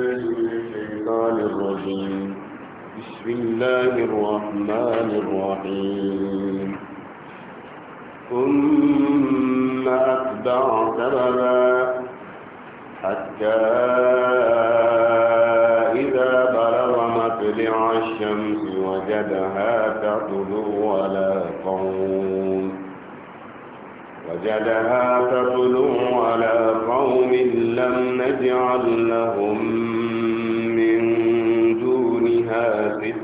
الشيطان الرجيم بسم الله الرحمن الرحيم ثم أتبع سببا حتى إذا بلغ مطلع الشمس وجدها تطلع على قوم وجدها تطلع على قوم لم نجعل لهم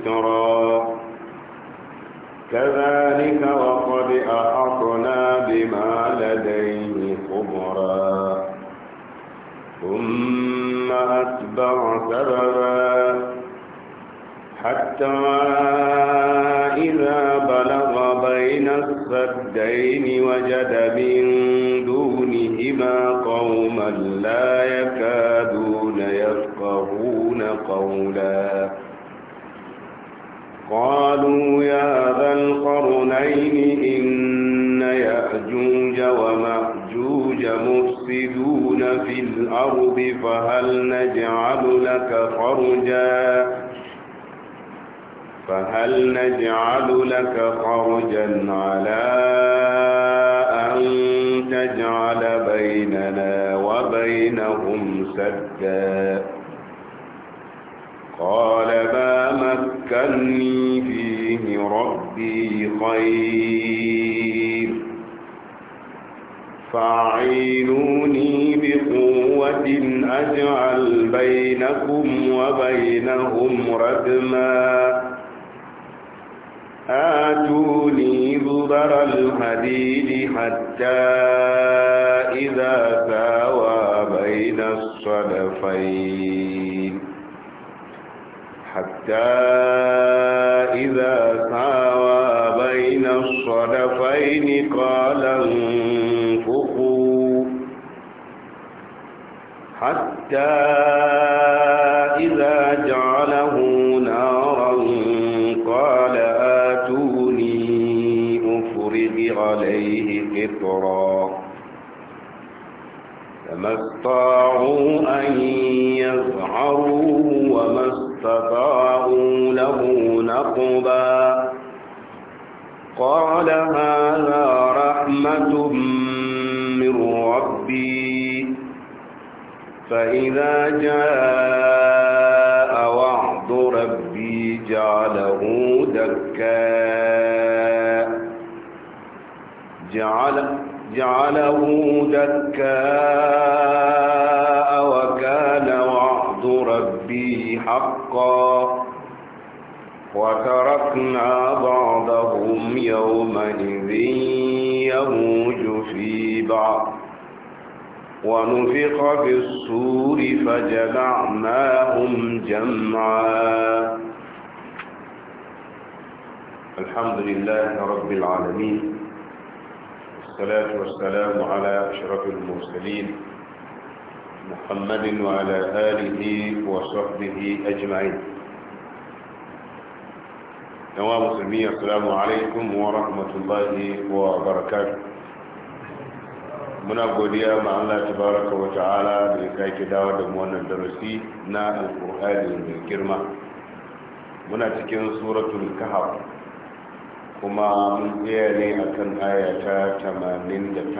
ذكرا كذلك وقد أحطنا بما لديه خبرا ثم أتبع سببا حتى إذا بلغ بين السدين وجد من دونهما قوما لا يكادون يفقهون قولا قالوا يا ذا القرنين إن يأجوج ومأجوج مفسدون في الأرض فهل نجعل لك خرجا فهل نجعل لك خرجا على أن تجعل بيننا وبينهم سدا قال ما مكني ربي خير فاعينوني بقوة أجعل بينكم وبينهم ردما آتوني ذر الحديد حتى إذا ساوى بين الصدفين حتى إذا الصدفين قال انفقوا حتى إذا جعله نارا قال آتوني أفرغ عليه قطرا فما استطاعوا أن يظهروا وما استطاعوا له نقبا قال هذا رحمة من ربي فإذا جاء وعد ربي جعله دكا جعل جعله دكاء وكان وعد ربي حقا وتركنا بعضهم يومئذ يموج في بعض ونفق في الصور فجمعناهم جمعا الحمد لله رب العالمين والصلاة والسلام على أشرف المرسلين محمد وعلى آله وصحبه أجمعين yawa musulmi assalamu alaikum wa rahmatullahi wa barakatuh muna godiya ma Allah baraka wa ta'ala da ya sake dawo da mu wannan darasi na alqur'ani mai girma muna cikin suratul kahf kuma mun tsaya ne akan aya ta 89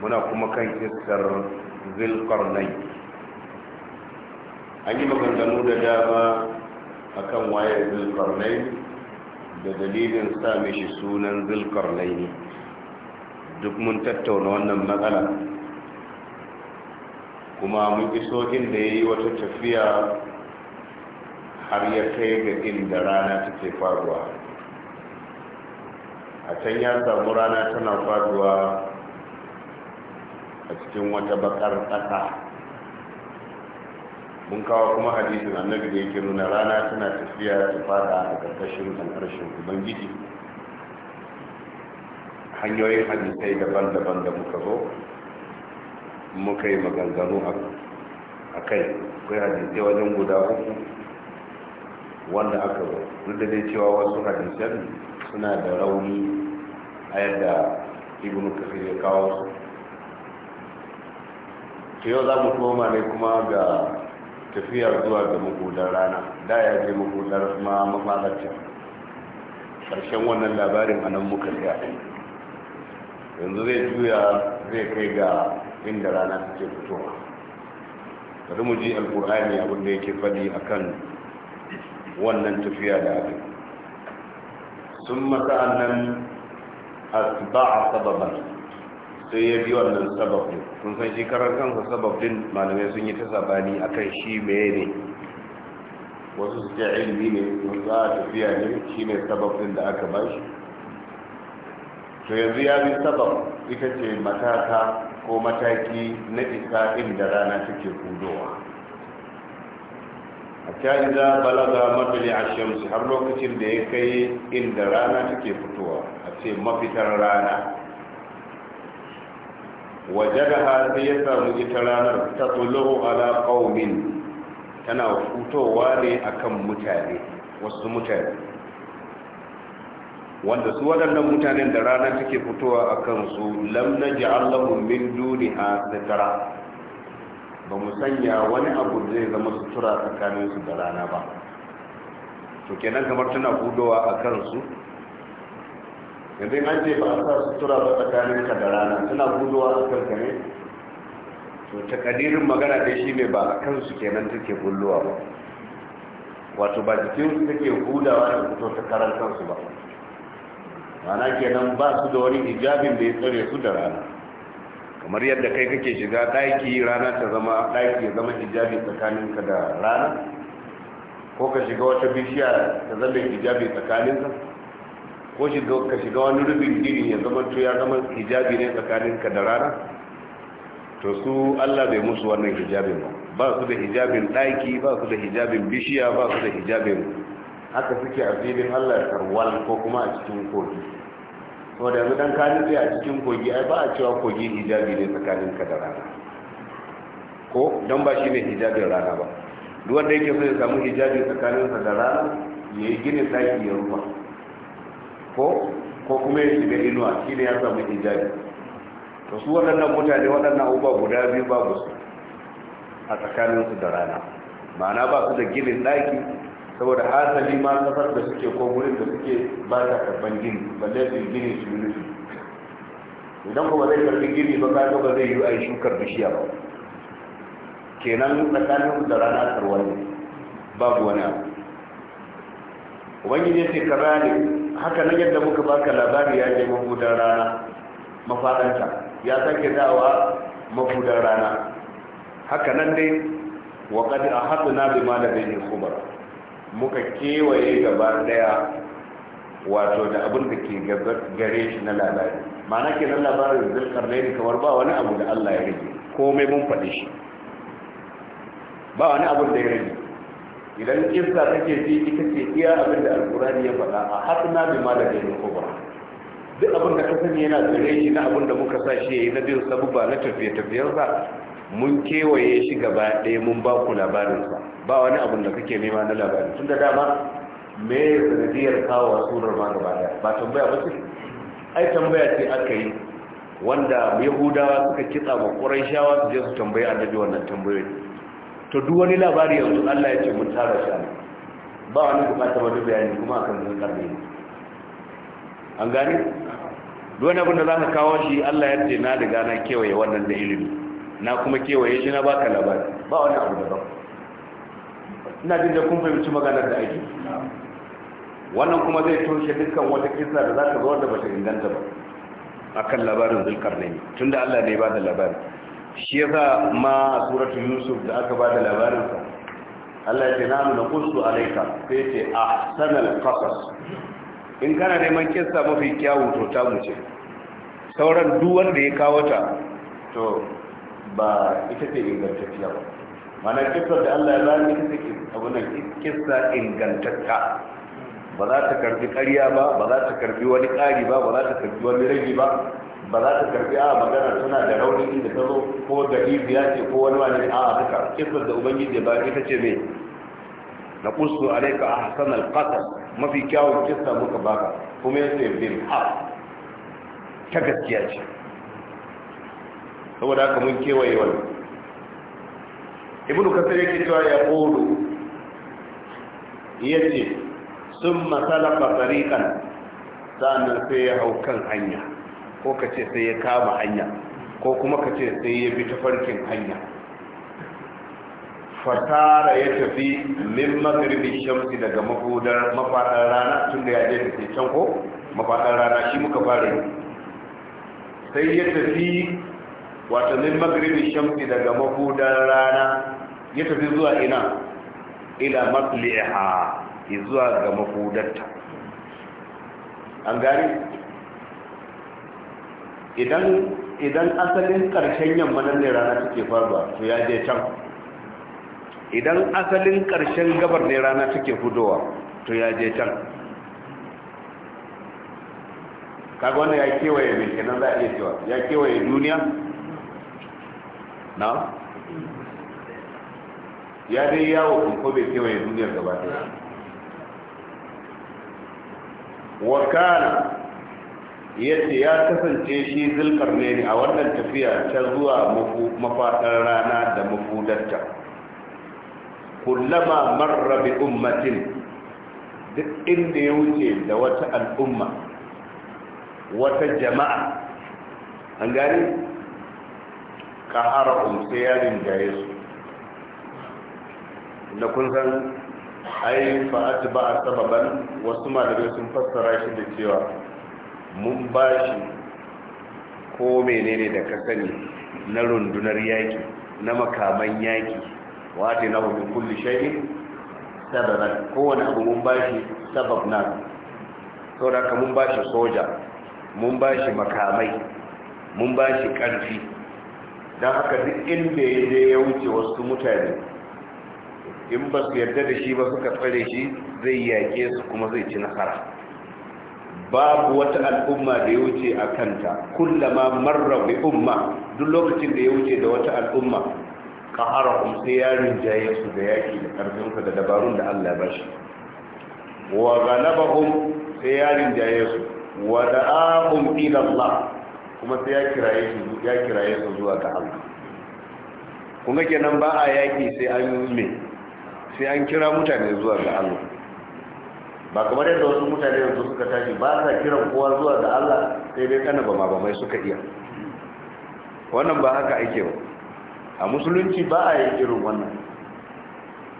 muna kuma kan iskar zilkar nai an yi maganganu da dama a kan wayar zilkarnai da dalilin sa mishi sunan zilkarnai ne duk mun tattauna wannan matsala kuma mun iso inda ya yi wata tafiya har ya kai ga inda rana take faruwa a can ya samu rana tana faruwa a cikin wata bakar ƙasa mun kawo kuma hadisin annabi da yake nuna rana tana tafiya ta fada a ƙarƙashin alƙarshin ubangiji hanyoyin hadisai daban-daban da muka zo muka yi maganganu a kai kai hadisai wajen guda uku wanda aka zo duk da dai cewa wasu hadisan suna da rauni a yadda ibn kafir ya kawo su yau za mu koma ne kuma ga tafiya zuwa ga magudar rana da ya je magudar ma mafalarcin ƙarshen wannan labarin a nan muka tsaya yanzu zai juya zai kai ga inda rana take fitowa bari mu ji alƙur'ani abin da yake faɗi akan wannan tafiya da abin. sun masa annan asba'a sababan sai ya bi wannan sabab din san shi karar kansa sababin din malamai sun yi ta sabani akan shi mai ne wasu su ce ilmi ne sun za a tafiya ne shi ne sabab da aka bashi to yanzu ya bi sabab ita ce mataka ko mataki na isa inda rana take kudowa a a balaga matsali a shamsu har lokacin da ya kai inda rana take fitowa a ce mafitar rana wajadaha sai ya samu ita ranar ta tsulo ala qaumin tana fitowa ne akan mutane wasu mutane wanda su waɗannan mutanen da rana take fitowa a kansu lam naj'al lahum min duniha sitara ba mu sanya wani abu zai zama sutura tsakaninsu da rana ba to kenan kamar tana budowa a kansu yanzu an ce ba a sa sutura ba tsakanin ka da rana suna buduwa su kan ne to takadirin magana dai ne ba a kansu kenan take bullowa ba wato ba jikinsu take hudawa da fito ta karar kansu ba mana kenan ba su da wani hijabin da ya tsare su da rana kamar yadda kai kake shiga ɗaki rana ta zama ɗaki ya zama hijabi tsakaninka da rana ko ka shiga wata bishiya ta zama hijabi ka ko ka shiga wani rubin gini ya zama to ya zama hijabi ne ka da rana to su Allah bai musu wannan hijabin ba ba su da hijabin ɗaki ba su da hijabin bishiya ba su da hijabin haka suke a filin Allah karwal ko kuma a cikin kogi to da yanzu dan kani a cikin kogi ai ba a cewa kogi hijabi ne ka da rana ko don ba shi ne hijabin rana ba duk wanda yake so ya samu hijabi sa da rana ya yi ginin ɗaki ya rufa ko ko kuma ya shiga inuwa shi ne ya samu hijabi to su waɗannan mutane waɗannan uba guda biyu babu su a tsakaninsu da rana ma'ana ba su da ginin ɗaki saboda hasali ma kasar da suke ko wurin da suke ba ta karɓar gini ba laifin gini su nufi idan kuma zai karɓi gini ba ka ba zai yi a shukar bishiya ba kenan tsakaninsu da rana karwar babu wani abu ubangiji ce ka rani haka nan yadda muka baka labari ya je mafudan rana mafadanta ya sake dawa mafudan rana haka nan dai wa qad ahadna bi la bayni khubar muka kewaye gaba daya wato da abin da ke gare shi na labari ma'ana nan labarin yadda kamar ba wani abu da Allah ya rage komai mun faɗi shi ba wani abu da ya rage idan kirsa kake ji ita ce iya abin da alkurani ya faɗa a hasna bi ma da yi kubra duk abin da ka sani yana gare shi na abin da muka sa shi ya yi na bin sabubba na tafiye tafiyarsa mun kewaye shi gaba ɗaya mun ba ku labarinsa ba wani abin da kake nema na labarin tun da dama me sanadiyar kawo surar ma gaba ɗaya ba tambaya ba ce ai tambaya ce aka yi wanda yahudawa suka kitsa ma ƙurai shawa su je su tambayi annabi wannan tambayoyi to duk wani labari yanzu Allah ya ce mun tara shi ba wani bukatar wani bayani kuma akan mun karbe an gane duk wani abin da zaka kawo shi Allah ya ce na riga na kewaye wannan da ilimi na kuma kewaye shi na baka labari ba wani abu daban ina jin da kun fahimci maganar da ake wannan kuma zai toshe dukkan wata kisa da zaka zo wanda ta inganta ba akan labarin zulkarnaini tunda Allah ne ba da labari shi yasa ma suratu yusuf da aka ba da sa Allah ya ce na nuna kusu alaika sai ce a sanar kasas in kana neman kissa mafi kyawu to ta mu ce sauran duk wanda ya kawo ta to ba ita ce ingantacciya ba mana kissa da Allah ya bani ita ce abunan kissa ingantacciya ba za ta karbi ƙarya ba ba za ta karbi wani ƙari ba ba za ta karbi wani rage ba ba za ta karfi a magana suna da rauni inda ta zo ko da ya ce ko wani wani a haka kisar da ubangiji ba ita ce mai na kusu alaika a hasan alkatar mafi kyawun kisa muka baka kuma yanzu yace bin ha ta gaskiya ce saboda haka mun kewaye wani ibnu kasar yake cewa ya ya ce sun masala fasarikan sa'annan sai ya hau kan hanya ko ka ce sai ya kama hanya ko kuma ka ce sai ya bi tafarkin hanya fatara ya tafi min magharibi shamsi daga mafudar mafadar rana tun da ya je da can ko mafadar rana shi muka fara yi. sai ya tafi wato min magharibi shamsi daga mafudar rana ya tafi zuwa ina ila matliha zuwa ga mafudarta an gari. idan idan asalin ƙarshen yamma nan ne rana take faruwa to ya je can idan asalin ƙarshen gabar ne rana take fudowa to ya je can kaga wannan ya kewaye mai kenan za a iya cewa ya kewaye duniya na ya dai yawo ko bai kewaye duniyar gaba ɗaya wakana yace ya kasance shi ne a wannan tafiya ta zuwa mafaɗar rana da mafudarta kullama marra bi ummatin duk inda ya wuce da wata al'umma wata jama'a an gani ƙahara umsiyarin jaye su da kun san ai fa'ati ba a sababan wasu malamai sun fassara shi da cewa mun ba shi ko menene da ka sani na rundunar yaki na makaman yaki wata na hukun kulli shayi sababan kowane abu mun ba shi sabab na sau da mun ba shi soja mun ba shi makamai mun ba shi ƙarfi don haka duk inda ya je ya wuce wasu mutane in ba su yarda da shi ba suka tsare shi zai yake su kuma zai ci nasara babu wata al'umma da ya wuce a kanta kullama marra bi umma duk lokacin da ya wuce da wata al'umma qaharahum sai ya rinjaye su da yaki da karfin da dabarun da Allah ya bashi. wa ghalabahum sai ya rinjaye su wa da'ahum ila Allah kuma sai ya kiraye su ya kiraye su zuwa ga Allah kuma kenan ba a yaki sai an me sai an kira mutane zuwa ga Allah ba kamar yadda wasu mutane yanzu suka tashi ba sa kiran kowa zuwa da Allah sai dai kana ba ba mai suka iya wannan ba haka ake ba a musulunci ba a yi irin wannan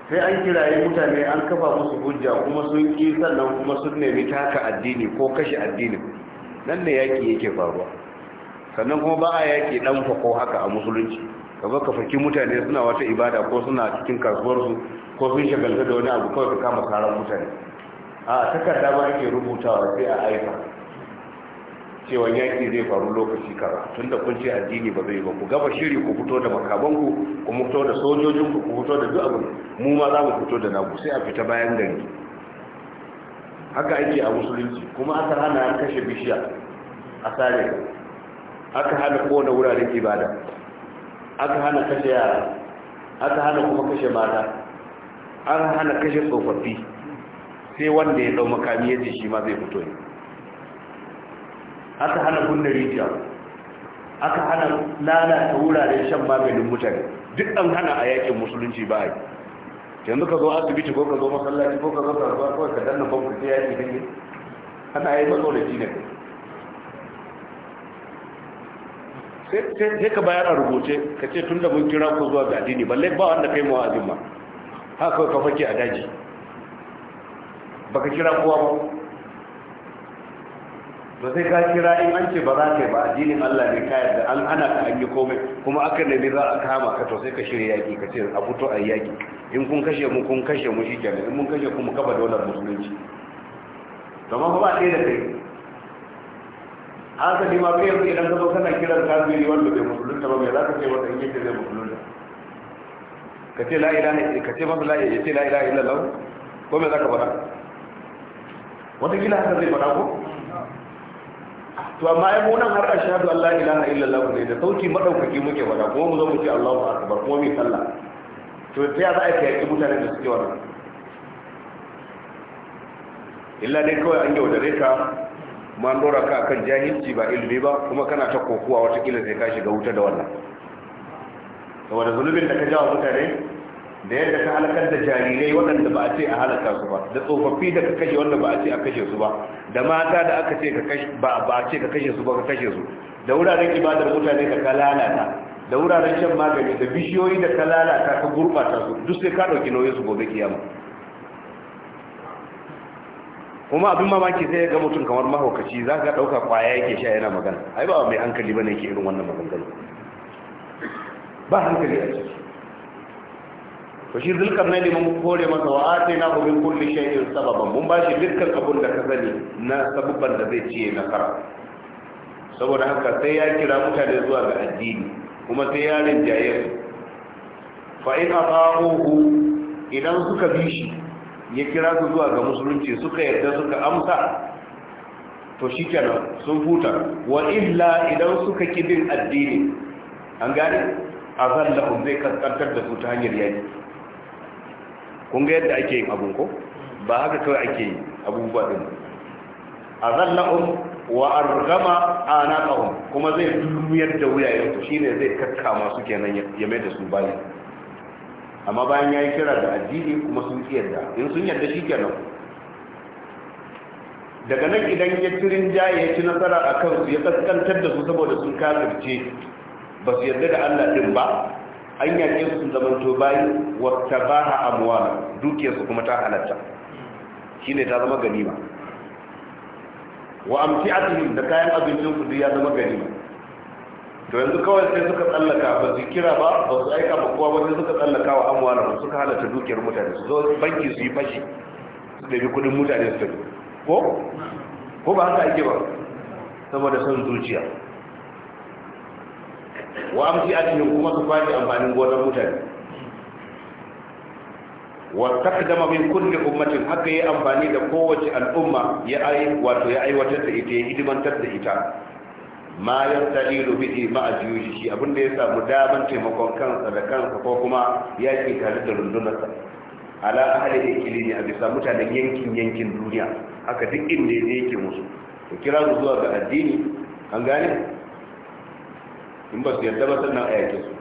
sai an kiraye mutane an kafa musu hujja kuma sun ki sannan kuma sun nemi taka addini ko kashe addini nan ne yaki yake faruwa sannan kuma ba a yaki dan ko haka a musulunci kaga ka faki mutane suna wata ibada ko suna cikin kasuwarsu ko sun shagalta da wani abu kawai ka kama karan mutane a takarda ma ake rubutawa sai a aika cewa yaki zai faru lokaci kaza tunda kun ce addini ba zai ba ku gaba shiri ku fito da makabanku ku fito da sojojinku ku fito da duk abin mu ma za mu fito da naku sai a fita bayan gari haka ake a musulunci kuma aka hana an kashe bishiya a sare aka hana kowane wuraren ibada aka hana kashe yara aka hana kuma kashe mata an hana kashe tsofaffi sai wanda ya dau makami ya shi ma zai fito ne aka hana kunna rijiya aka hana lalata wuraren shan maganin mutane duk an hana a yakin musulunci ba yi yanzu ka zo asibiti ko ka zo masallaci ko ka zo kasuwa ko ka danna banku sai yaki dinne ana yi da ne sai ka bayar a rubuce ka ce tun da mun kira ku zuwa ga addini balle ba wanda kai mu wa'azin ma haka kawai ka fake a daji baka kira kowa ba to sai ka kira in an ce ba za ka yi ba addinin Allah ne ka yarda an ana ka an yi komai kuma aka nemi za a kama ka to sai ka shirya yaki ka ce a fito a yaki in kun kashe mu kun kashe mu shi kenan in mun kashe ku mu kafa dole musulunci to ma ba ɗaya da kai an sani ma kai yanzu idan ka zo kana kiran yi wanda bai musulunta ba mai za ka ce wata in yake zai musulunta ka ce la ilaha ka ce ba la ilaha illallah ko me za ka faɗa watakila haka zai faɗa ko to amma ai mu nan har ashhadu an la ilaha illallah ne da sauki madaukaki muke faɗa kuma mu zo mu ce Allahu akbar kuma mu sallah to sai ya za a kai mutane da suke wannan illa dai kawai an yaudare ka ma an dora ka akan jahilci ba ilimi ba kuma kana ta kokuwa watakila sai ka shiga wuta da wannan saboda zulubin da ka jawo mutane da yadda ka halakar da jarirai waɗanda ba a ce a halaka su ba da tsofaffi da ka kashe wanda ba a ce a kashe su ba da mata da aka ce ba a ce ka kashe su ba ka kashe su da wuraren ibadar mutane da ka lalata da wuraren shan magani da bishiyoyi da ka lalata ka gurɓata su duk sai ka ɗauki nauyin su gobe kiyama kuma abin mamaki sai ga mutum kamar mahaukaci za ka ɗauka kwaya yake sha yana magana ai ba mai hankali ba ne ke irin wannan maganganu ba hankali a ciki to shi na ne mun kore masa wa na hu kulle kulli shay'in sababan mun bashi dukkan abun da ka sani na sababban da zai ciye nasara saboda haka sai ya kira mutane zuwa ga addini kuma sai ya rinjaye su fa in ata'uhu idan suka bi shi ya kira su zuwa ga musulunci suka yarda suka amsa to shikenan sun huta wa illa idan suka ki bin addini an gane azallahum zai kaskantar da su ta hanyar yaki kun ga yadda ake yin abun ko ba haka kawai ake yi abubuwa din azallahum wa argama anaqahum kuma zai dulmiyar da wuyayen su shine zai kakkama masu kenan ya mai da su bayi amma bayan yayi kira da addini kuma sun yadda. in sun yadda shi kenan daga nan idan ya turin jaye ya ci nasara a kansu ya kaskantar da su saboda sun kafirce ba su yarda da Allah din ba an yaƙe su sun zamanto bayi wata ba ha amuwa dukiyarsu kuma ta halatta shi ne ta zama ganima wa amci atihim da kayan abincin su ya zama ganima to yanzu kawai sai suka tsallaka ba su kira ba ba su aika ba kowa wani suka tsallaka wa amuwa ba suka halatta dukiyar mutane su zo banki su yi fashi su ɗabi kuɗin mutane su tafi ko ko ba haka ake ba saboda son zuciya wa amsi kuma su kwace amfanin gonar mutane wa taqdama min kulli ummatin haka yi amfani da kowace al'umma ya ai wato ya aiwatar da ita ya hidimantar da ita ma yastailu bihi ma ajiyushi shi abinda ya samu daman taimakon kansa da kansa ko kuma ya ke tare da rundunarsa ala ahli ikili ne a bisa mutanen yankin yankin duniya haka duk inda ya yake musu to kira zuwa ga addini an gane in ba su yarda ba sannan a yake su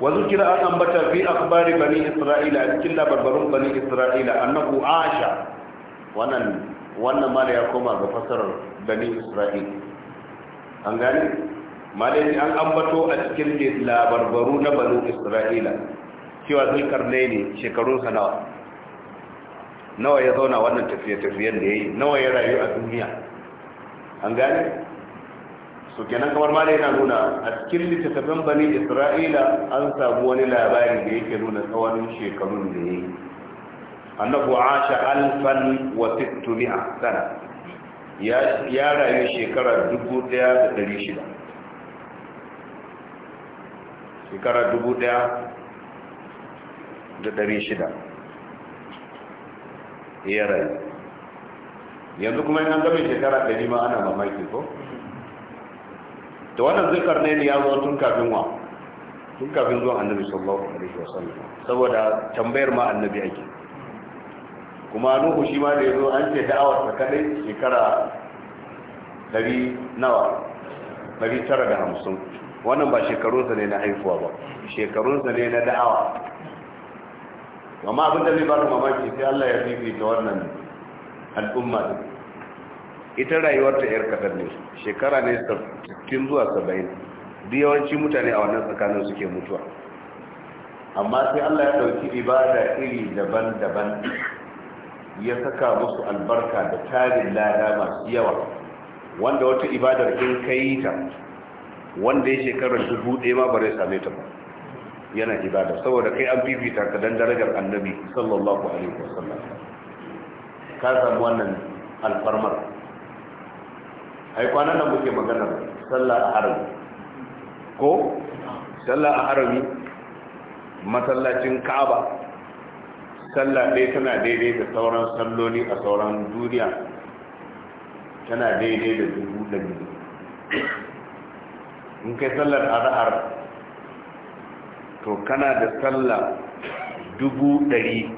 wanzu kira an ambata fi akhbari bani isra'ila a cikin labarbarun bani isra'ila annabu asha wannan wannan mala ya koma ga fasarar bani isra'ila an gani malai an ambato a cikin labarbaru na bani isra'ila cewa zulkarnai ne shekarunsa nawa nawa ya zauna wannan tafiye-tafiyen da ya yi nawa ya rayu a duniya an gani. so kenan kamar ma da yana nuna a cikin littattafan bani isra'ila an samu wani labari da yake nuna tsawon shekarun da ya yi annabu asha alfan wa sittuni a sana ya rayu shekarar dubu daya da dari shida shekara dubu daya da dari shida ya rayu yanzu kuma yana zama shekara dari ma ana mamaki ko? da wannan zikar ne ya zo tun kafin wa tun kafin zuwan annabi sallallahu alaihi wasallam saboda tambayar ma annabi ake kuma nuhu shi ma da ya an ce da'awar ta kadai shekara dari nawa dari tara da hamsin wannan ba shekarunsa ne na haifuwa ba shekarunsa ne na da'awa amma abin da zai ba mamaki sai Allah ya fifita wannan al'umma ita rayuwarta yar kadan ne shekara ne cikin zuwa 70 da yawanci mutane a wannan tsakanin suke mutuwa amma sai Allah ya dauki ibada iri daban-daban ya saka musu albarka da tarin lada masu yawa wanda wata ibadar in kai ta wanda ya shekarar dubu ɗaya ma ba zai same ta ba yana ibada saboda kai an fifita ka dan darajar annabi sallallahu alaihi wasallam ka samu wannan alfarmar ai kwanan nan muke magana sallah a harami ko sallah a harami masallacin ka'aba sallah ɗaya tana daidai da sauran salloli a sauran duniya tana daidai da dubu ɗari in kai sallar azhar to kana da sallah dubu ɗari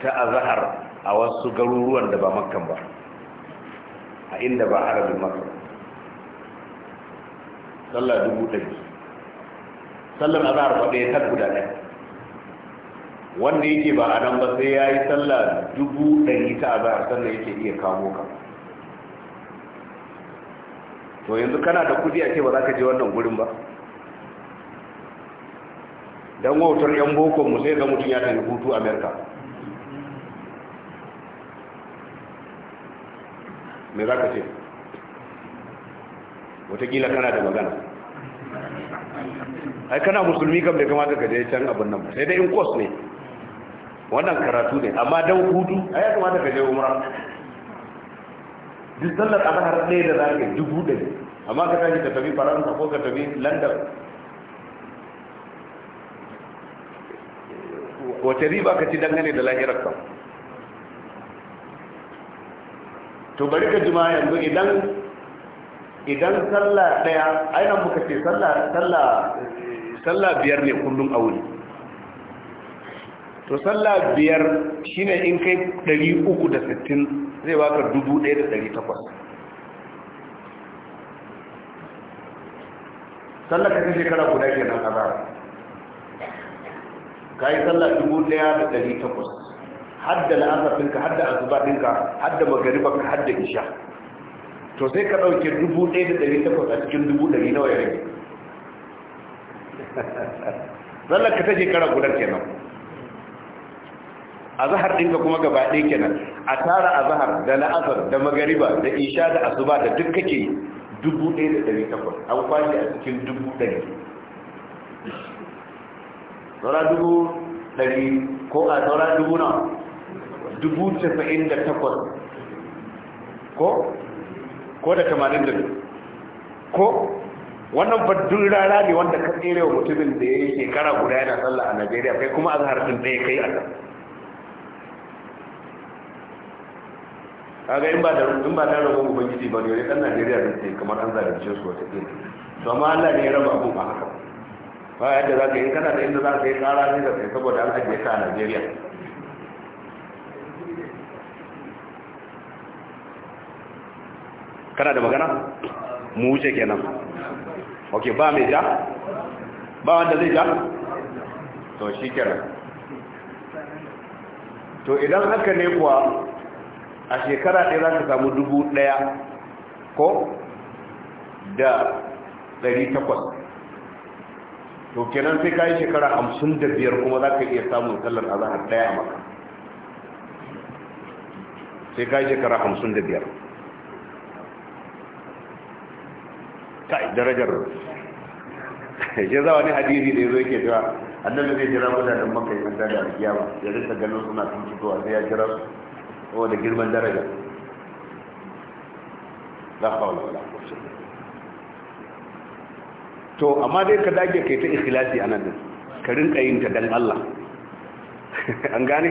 ta azahar a wasu garuruwan da ba makkan ba a inda ba arabin makka sallah dubu ɗari sallar azhar ba ɗaya ta guda ɗaya wanda yake ba a nan ba sai ya yi sallah dubu ɗari ta azhar sannan yake iya kamo ka to yanzu kana da kudi a ce ba za ka je wannan gurin ba don wautar yan bokon mu sai ga mutum ya tafi hutu amerika me za ka ce Wataƙila kana da magana ai kana musulmi kan bai kamata ka je can abin nan sai dai in kos ne wannan karatu ne amma dan hudu ai ya kamata ka je umra duk sallar azhar ɗaya da zaka yi dubu ɗari amma ka tashi ka tafi faransa ko ka tafi london wace riba ka ci dangane da lahirar ka to bari ka jima yanzu idan idan sallah daya ainihin muka ce sallah sallah biyar ne kullum a wuri to sallah biyar shine in kai 360 zai baka 1800 sallah ka kashe kara guda ke a zara ka yi sallah 1800 hadda la'azafinka hadda azubaɗinka hadda ka hadda isha to sai ka ɗauke 1800 a cikin 1000 nawa ya rage sallar ka ta shekara gudar kenan azhar zahar ɗinka kuma gaba ɗaya kenan a tara azhar da la'azar da magariba da isha da asuba da duk kake dubu ɗaya da ɗari takwas an kwashe a cikin dubu ɗari saura dubu ɗari ko a saura dubu na dubu casa'in da takwas ko ko da tamanin da ko wannan faddun rara ne wanda ka tsere wa mutumin da ya yi shekara guda yana sallah a najeriya kai kuma azhar din ɗaya kai a nan kaga in ba da in ba da rabon ubangiji ba ne dan najeriya zai ce, kamar an zalunce su wata ke. to amma Allah ne ya raba abu ba haka ba yadda za ka yi kana da inda za ka yi tsara ne da sai saboda an ajiye ka a najeriya kana da magana mu wuce kenan ok ba mai ja ba wanda zai ja to shi kenan to idan haka ne kuwa a shekara ɗaya za ka samu dubu ɗaya ko da ɗari takwas to kenan sai ka yi shekara hamsin da biyar kuma za ka iya samun sallar azahar ɗaya a maka sai ka yi shekara hamsin da biyar kai darajar shi za wani hadisi da zo yake cewa annabi zai jira maka yi ya da da kiyama ya rinka ganin suna sun fitowa sai ya jira su da girman daraja a hawla wala quwwata to amma dai ka dage kai ta ikhlasi nan din ka rinka yin ta dan Allah an gane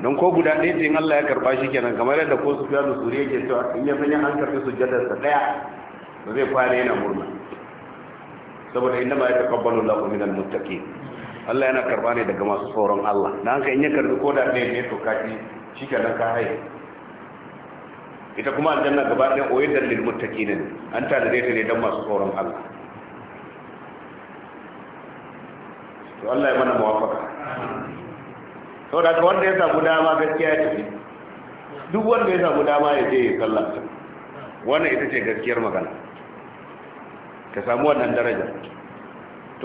don ko guda ɗaya ce in Allah ya karɓa shi kenan kamar yadda ko su fiya da suriya ke cewa in ya sanya an su sujjadar sa ɗaya ba zai kwana yana murna saboda inda ma ya takabbalu lahu minal muttaqin Allah yana karba ne daga masu tsoron Allah na haka in ya karbi ko da ne to kaji shikenan ka haye ita kuma aljanna gaba ɗaya oyyidan lil muttaqin an ta da ta ne dan masu tsoron Allah to Allah ya mana muwafaka to ka wanda ya samu dama gaskiya ya tafi duk wanda ya samu dama ya je ya kallon wannan ita ce gaskiyar magana ka samu wannan daraja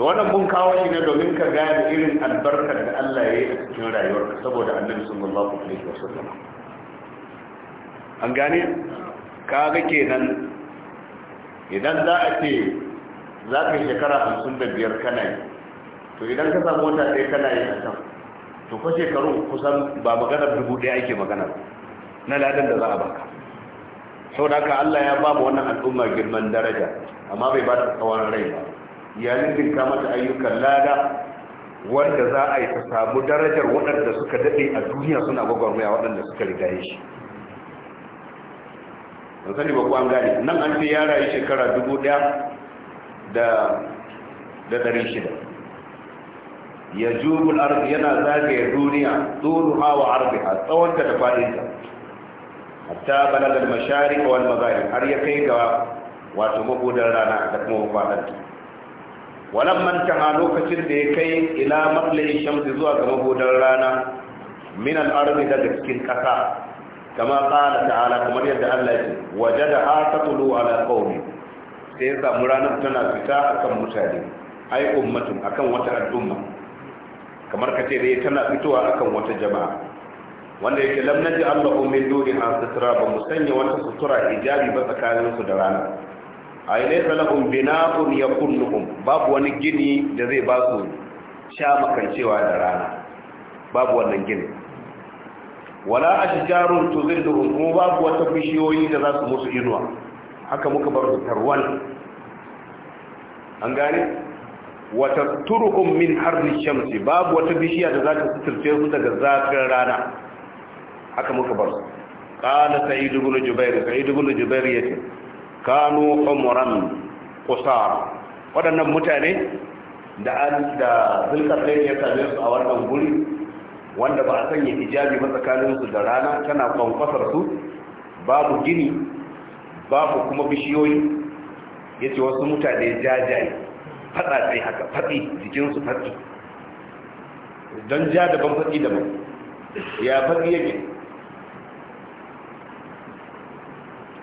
to wannan mun kawo shi ne domin ka gane irin albarkar da Allah ya yi a cikin rayuwarka saboda annabi sallallahu alaihi wasallam an gane ga kenan idan za a ce za ka yi shekara hamsin da biyar kana yi to idan ka samu wata ɗaya kana yi a can to kwa shekaru kusan ba maganar dubu ɗaya ake maganar na ladan da za a baka sau da haka Allah ya ba mu wannan al'umma girman daraja amma bai ba ta tsawon rai ba din ninka mata ayyukan lada wanda za a yi ta samu darajar waɗanda suka daɗe a duniya suna gwagwarmaya waɗanda suka yi shi don sani ba an gane nan an fi yara yi shekara dubu ɗaya da ɗari shida ya jubul arzi yana zagaye duniya tsoro hawa arzi a tsawonta da faɗinta hatta balagal mashariq wal magharib har ya kai ga wato mabudan rana da kuma Wannan manta ha lokacin da ya kai ila ya shamsi zuwa ga mabudan rana min al-ardi daga cikin kasa kama qala ta'ala kamar yadda Allah ya wajada atulu ala qaumi sai ya samu ranar tana fita akan mutane ai ummatun akan wata al'umma kamar kace dai tana fitowa akan wata jama'a wanda yake lam naji allahu min duni ha sutura ba mu sanya wata sutura hijabi ba tsakanin su da rana a ilai um bina'un yakunhum babu wani gini da zai ba su sha makancewa da rana babu wannan gini wala ashjarun tuzilluhum kuma babu wata bishiyoyi da za su musu inuwa haka muka bar su tarwan an gane wata turuhum min harri shamsi babu wata bishiya da za ta suturce su daga zafin rana haka muka bar su qala sa'id ibn jubair sa'id ibn jubair yace kanu umran qusar wadannan mutane da an da zulkarnain ya same su a wannan guri wanda ba a sanya hijabi ba tsakanin su da rana tana kwankwasar su babu gini babu kuma bishiyoyi yace wasu mutane jajaye fada sai haka fadi jikin su fadi don ja daban fadi daban ya fadi yake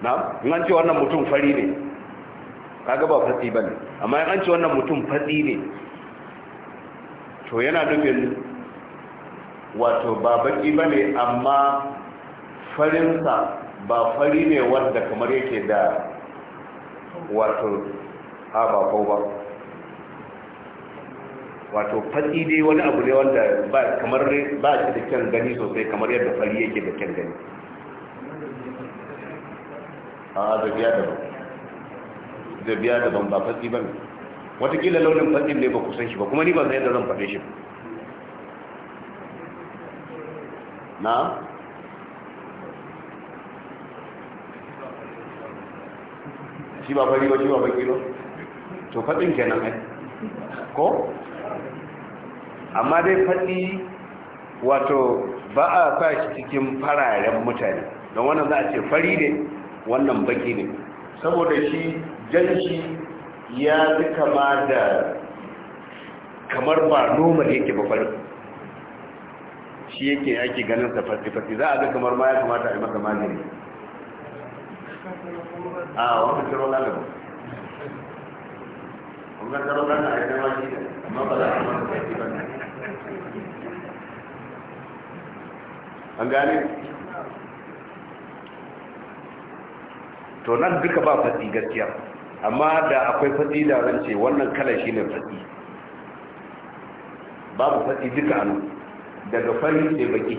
na in an ce wannan mutum fari ne kaga ba fatsi ba ne amma in an ce wannan mutum fatsi ne to yana nufin wato ba baki ba ne amma farinsa ba fari ne wanda kamar yake da wato ha ba ko ba wato fatsi dai wani abu ne wanda ba kamar ba shi da kyan gani sosai kamar yadda fari yake da kyan gani a biya daban biya daban ba fatsi ba ne watakila launin fatsi ne ba kusan shi ba kuma ni ba zai da zan faɗe shi na shi ba fari ba shi ba ba ba to fatsin kenan ai ko amma dai fatsi wato ba a sa shi cikin fararen mutane don wannan za a ce fari ne wannan baki ne saboda shi janshi ya fi kama da kamar ba normal yake ba shi yake ake ganin sa fati-fati za a ga kamar ma ya kamata a yi maka magani a wata tiro lalaba wata tiro lalaba a yi zama shi ne amma ba za a maka ba an gane to nan duka ba fadi gaskiya amma da akwai fadi da zan ce wannan kalan shi ne babu fadi duka anu daga fari sai baki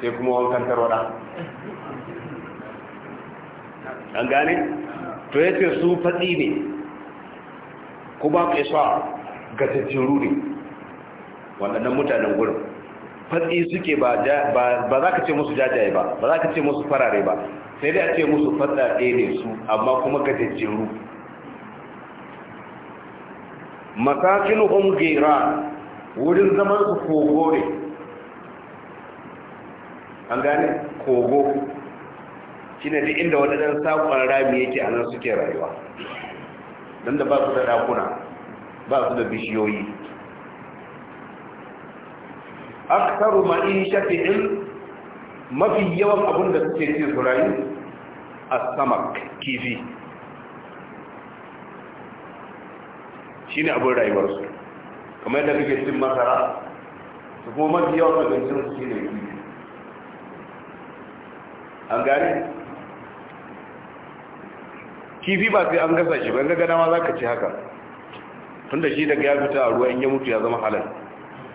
sai kuma wankan tarwada an gane to ya ce su fadi ne kuma kai sa gajajjiru ne waɗannan mutanen gurin fadi suke ba za ka ce musu jajaye ba ba za ka ce musu farare ba sai dai a ce musu ɗaya ne su amma kuma jajjeru Matakin gira wurin zaman su kogo ne an gane kogo shine da inda wani ɗan saƙon rami yake a nan suke rayuwa don da ba su da ɗakuna ba su da bishiyoyi aksaru ma'in shafi'in mafi yawan abinda da suke ce su rayu asamak samak kifi ne abin rayuwarsu kamar yadda kake cin masara su kuma mafi yawan abincin su ne kifi an gane kifi ba sai an gasa shi ba ga gana ma za ka ci haka tunda shi daga ya fita a ruwa in ya mutu ya zama halal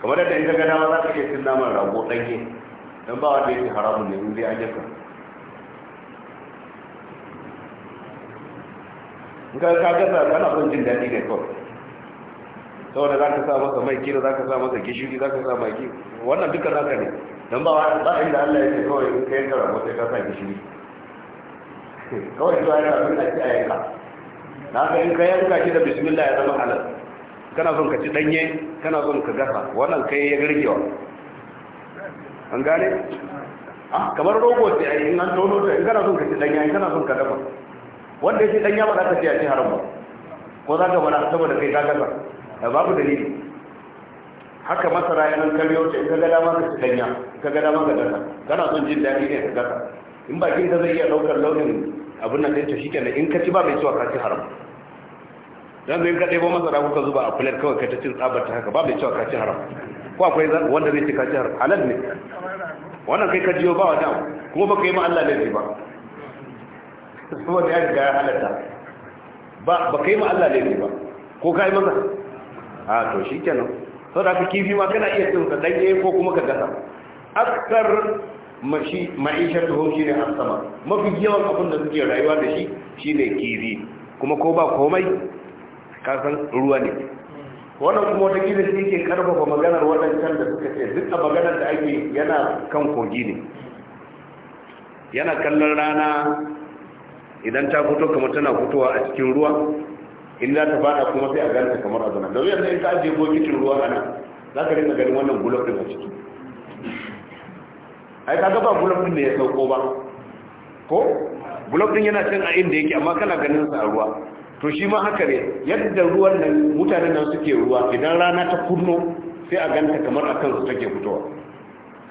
kamar yadda in ga gana ma za ka ke cin naman rago ɗanke don ba wanda yake haramun ne in dai an ka ka gaza kana son jin daɗi ne kawai saboda za ka sa masa mai kira za ka sa masa gishiri za ka sa maki wannan duka ka ne don ba ba inda Allah ya ce kawai in kai kara mota ka sa gishiri kawai zuwa ya kafin a ci a yanka na ka in ka yanka shi da bismillah ya zama halal kana son ka ci danye kana son ka gasa wannan kai ya gargewa an gane ah kamar rogo sai in an tono da in kana son ka ci danye in kana son ka dafa wanda ya ce dan yaba za ka ce a ko za ka bana saboda kai ka gaza da babu dalili haka masara ya nan karyo ce ka ga dama ka ci danya ka ga dama ka gasa kana son jin daɗi ne ka gasa in bakin ka zai iya ɗaukar launin abin nan ta shi kenan in ka ci ba mai cewa ka ci haram dan zai ka ba masara kuka zuba a filar kawai ka ta cin tsabar ta haka ba mai cewa ka ci haram ko akwai wanda zai ci ka ci haramu halal ne wannan kai ka jiyo ba wa wata kuma baka yi ma Allah laifi ba saboda ya riga ya halatta ba ba kai ma Allah laifi ba ko kai maza a to shi sau da ka kifi ma kana iya cin sa danye ko kuma ka gasa akthar mashi ma'ishar ne shine sama mafi yawan abin da suke rayuwa da shi shine kifi kuma ko ba komai kasan ruwa ne wannan kuma wata gida shi ke karfafa maganar waɗancan da suka ce duk a maganar da ake yana kan kogi ne yana kallon rana idan ta fito kamar tana fitowa a cikin ruwa in za ta fada kuma sai a ganta kamar a zana domin yanzu in ka ajiye bokitin ruwa a nan za ka rinka ganin wannan gulab din a ciki ai ka gaba gulab din da ya sauko ba ko gulab din yana can a inda yake amma kana ganin sa a ruwa to shi ma haka ne yadda ruwan nan mutanen nan suke ruwa idan rana ta kunno sai a ganta kamar a kansu take fitowa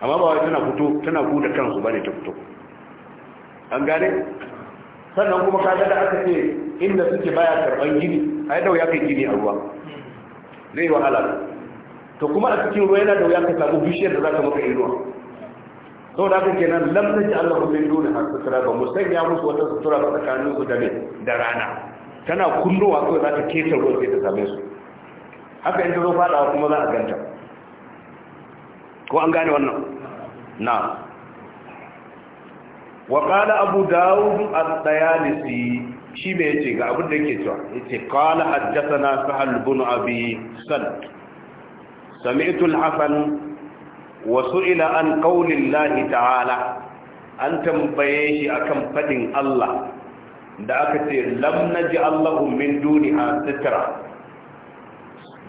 amma ba wai tana fito tana buɗe kansu bane ta fito an gane sannan kuma k'a da aka ce inda suke baya karban gini a da wuya kai gini a ruwa zai wahala to kuma a cikin ruwa yana da wuya ka samu bishiyar da ka maka inuwa sau da aka ke nan ta ji Allah kuma yi nuna har sutura ba musamman ya musu wata sutura ba tsakanin su da da rana tana kunnowa kawai za ta keta ruwa sai ta same su haka in ta zo fada kuma za a ganta ko an gane wannan na wa qala abu daud al-tayalisi shi me ga abin da yake cewa yace qala haddathana sahal ibn abi sad sami'tu al-hasan wa su'ila an qawli allah ta'ala an tambaye shi akan fadin allah da aka ce lam naji allahu min duniha sitra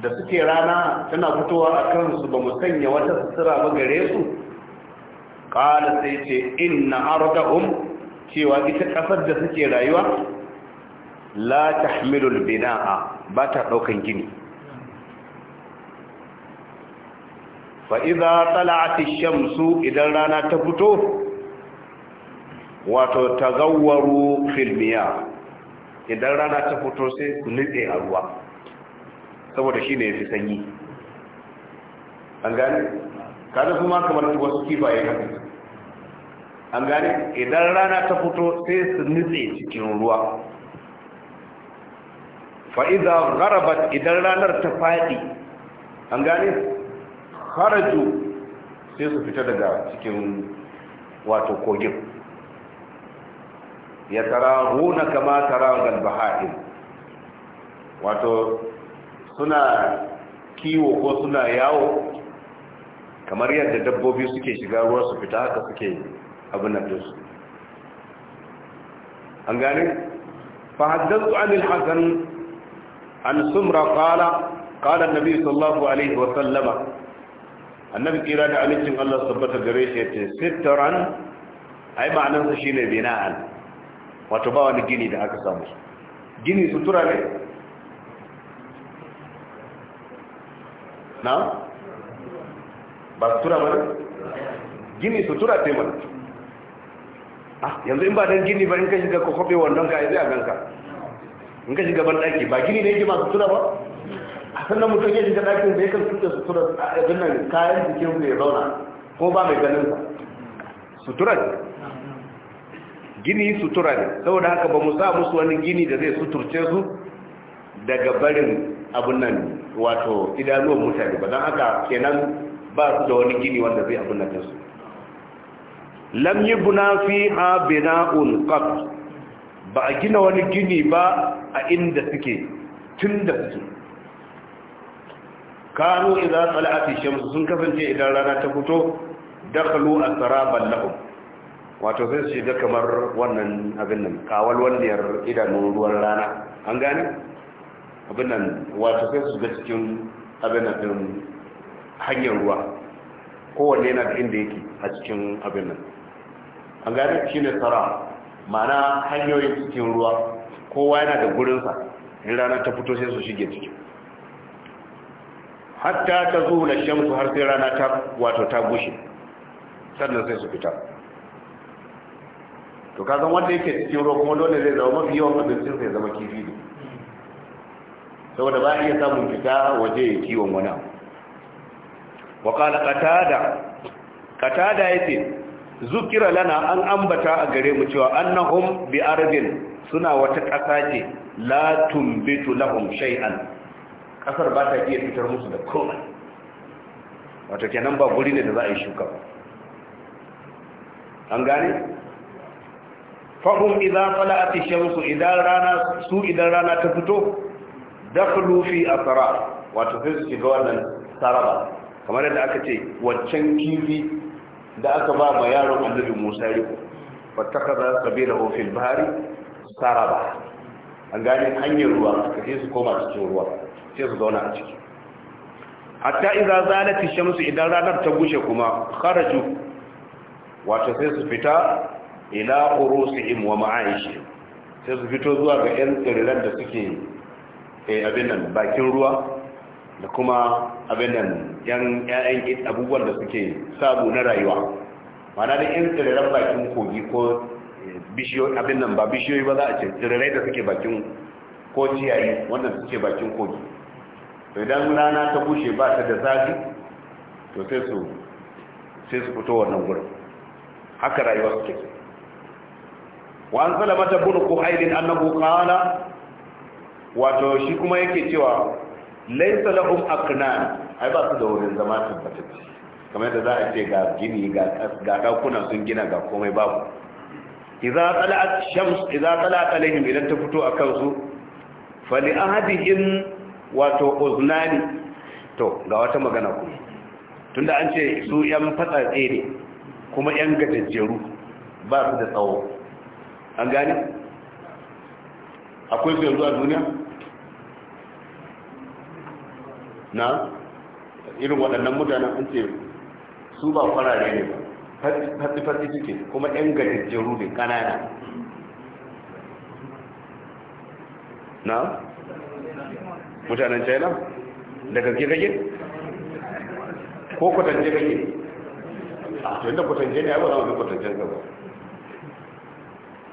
da suke rana tana fitowa a kansu ba mu sanya wata sutura ba gare su qala sai ce inna ardahum cewa ita kasar da suke rayuwa la tahmilul bina'a ba ta daukan gini fa idza tala'at ash-shamsu idan rana ta fito wato tagawwaru fil miyah idan rana ta fito sai ku nitse a ruwa saboda shine yafi sanyi an gani? kada kuma kamar wasu kifaye haka an gane idan rana ta fito sai su nutse cikin ruwa fa'iza gharabat idan ranar ta faɗi an gane haraju sai su fita daga cikin wato kogin ya tara huna kama tara galbaha'in wato suna kiwo ko suna yawo kamar yadda dabbobi suke shiga ruwa su fita haka suke abin da su an gane fa haddathu anil hasan an sumra qala qala annabi sallallahu alaihi wa sallama annabi kira da alicin Allah subhanahu gare shi yace sitran ai ma'anar sa shine bina'an wato ba wani gini da aka samu gini sutura ne na ba sutura ba ne gini sutura ce mana Ah, yanzu in ba dan gini ba in ka shiga ko kwabe wannan ka yi a ganka in ka shiga ban daki ba gini ne yake masu tura ba a sannan mutum ya shiga dakin da yakan tuta sutura a eh, abin nan kayan jikin ya zauna ko ba mai ganin sa sutura ne gini sutura ne saboda haka ba mu sa musu wani gini da zai suturce su daga barin abin nan wato idanuwan mutane ba don haka kenan ba su da wani gini wanda zai abin nan su lam yubna fiha bina'un qat ba a gina wani gini ba a inda suke tun da su kanu idan tsala'ati musu sun kasance idan rana ta fito dakalu a tsaraban lahum wato sai su shiga kamar wannan abin nan kawal walliyar idanun ruwan rana an gane abin nan wato sai su shiga cikin abin nan din hanyar ruwa kowanne na da inda yake a cikin abin nan an gane shi ne tsara ma'ana hanyoyin cikin ruwa kowa yana da gurinsa in rana ta fito sai su shige ciki hatta ta zuwa shamsu har sai rana ta wato ta gushe sannan sai su fita to kasan wanda yake cikin ruwa kuma dole zai zama mafi yawan abincin sai zama kifi ne saboda ba iya samun fita waje ya kiwon wani abu wa kala katada katada ce zukira lana an ambata a gare mu cewa annahum bi ardin suna wata kasa ce la tumbitu lahum shay'an ƙasar ba ta iya fitar musu da komai wato kenan ba guri ne da za a yi shuka ba an gane fahum idza fala'at ash-shamsu idza rana su idan rana ta fito dakhlu fi asra wato sai su shiga wannan saraba kamar yadda aka ce waccan kifi da aka ba ma yaron annabi musa riko fataka za su kabila ofin bahari saraba an gane hanyar ruwa ka sai su koma cikin ruwa sai su zauna a ciki hatta idza zalati shamsu idan ranar ta bushe kuma kharaju wato sai su fita ila qurusihim wa ma'aishi sai su fito zuwa ga yan tsirran da suke eh abin nan bakin ruwa da kuma abin nan yan ƴaƴan abubuwan da suke sabu na rayuwa mana da yan tsirran bakin kogi ko eh, bishiyoyi abin nan ba bishiyoyi ba za a ce tsirrai da suke bakin ko ciyayi wannan suke bakin kogi to idan rana ta bushe ba ta da zafi to sai su sai su fito wannan gurin haka rayuwa suke wa an salamata ko aidin annabu qala wato shi kuma yake cewa laisa lahum aqnan ai ba su da wurin zama tabbatacce kamar da za a ce ga gini ga ga sun gina ga komai babu idza talat shams idza talat alaihim idan ta fito akan su fali ahadihim wato uznani to ga wata magana ku tunda an ce su yan fatsatse ne kuma yan gajajjeru ba su da tsawo an gani akwai su yanzu a duniya na irin waɗannan mutanen an ce su ba farare ne ba fatsi-fatsi suke kuma yan gajajjen ne ƙanana na mutanen china daga gagage ko kwatance gagage a to inda kwatance ne ya ba za mu kwatancen gaba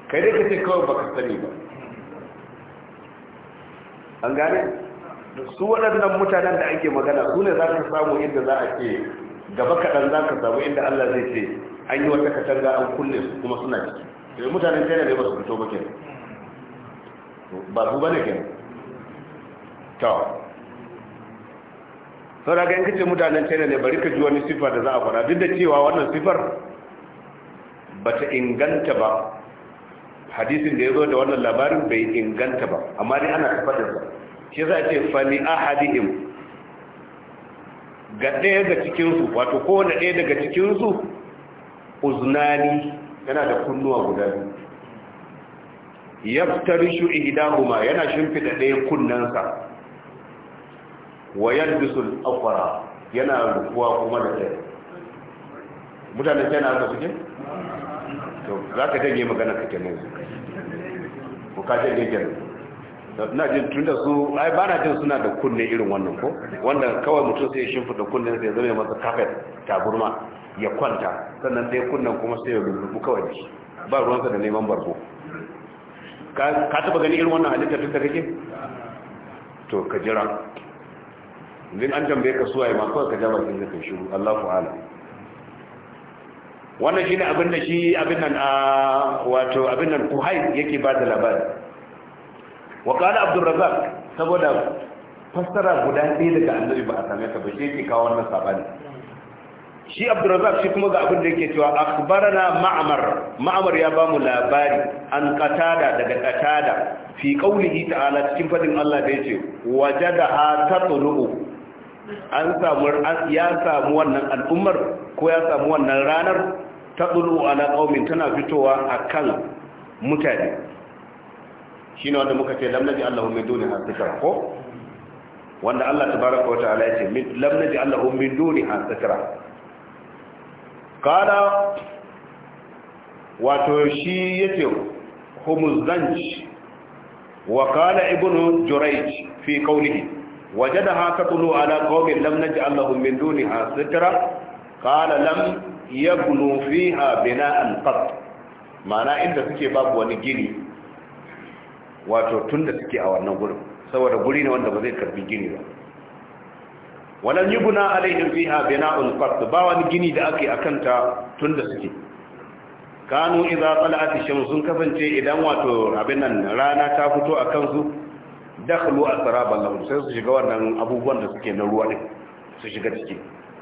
kai dai ka ce kawai ka sani ba an gane su waɗannan mutanen da ake magana su ne za ka samu inda za a ce gaba kaɗan za ka samu inda Allah zai ce an yi wata katanga an kulle su kuma suna ciki da eh, mutanen china ne ba su fito ba ke ba su ba ne ke ta sau da ga yankace mutanen china ne bari ka ji wani siffar da za a fara duk da cewa wannan siffar ba ta inganta ba hadisin da ya zo da wannan labarin bai inganta ba amma dai ana tafadar da. shi za ce fali ahadihim ga ɗaya ga cikinsu wato kowane ɗaya daga cikinsu uznani yana da kunnuwa guda biyu yaftarishu ihdahuma yana shimfida ɗaya kunnansa wa yalbisul afara yana rufuwa kuma da ɗaya mutanen na aka suke to za ka janye magana ka kenan ku ka janye kenan na jin tun da su ai ba na jin suna da kunne irin wannan ko wanda kawai mutum sai ya da kunne sai ya zama masa kafet tagurma, ya kwanta sannan dai kunnen kuma sai ya lullubu kawai da shi ba ruwansa da neman barko ka taba gani irin wannan halitta tun da kake to ka jira din an tambaye ka suwaye ma kawai ka jaba kin ka shiru Allahu ala wannan shine abin da shi abin nan a ah, wato abin nan ku kuhai yake ba da labari wa qala saboda fassara guda ɗaya daga annabi ba a same ta ba shi yake kawo wannan sabani shi abdurrazzaq shi kuma ga abin da yake cewa akhbarana ma'mar ma'mar ya bamu labari an qatada daga qatada fi qaulihi ta'ala cikin fadin Allah da yake wajada hatatulu an samu ya samu wannan al'ummar ko ya samu wannan ranar tatlu ala qaumin tana fitowa akan mutane shine wanda muka ce lam naji Allahu min duni hasira ko wanda Allah ta baraka ta'ala yace min lam naji Allahu min duni hasira kana wato shi yace humuzanj wa qala ibnu jurayj fi qawlihi wajadaha taqulu ala qawmin lam naji Allahu min duni hasira qala lam yabnu fiha bina'an qat ma'ana inda suke babu wani gini wato tun da suke a wannan gurin saboda guri ne wanda ba zai karbi gini ba walan yi guna fiha bina'un qat ba wani gini da ake a kanta tun da suke kanu idza tala'at shamsun kafance idan wato abin nan rana ta fito akan su dakhlu asraba lahum sai su shiga wannan abubuwan da suke na ruwa din su shiga ciki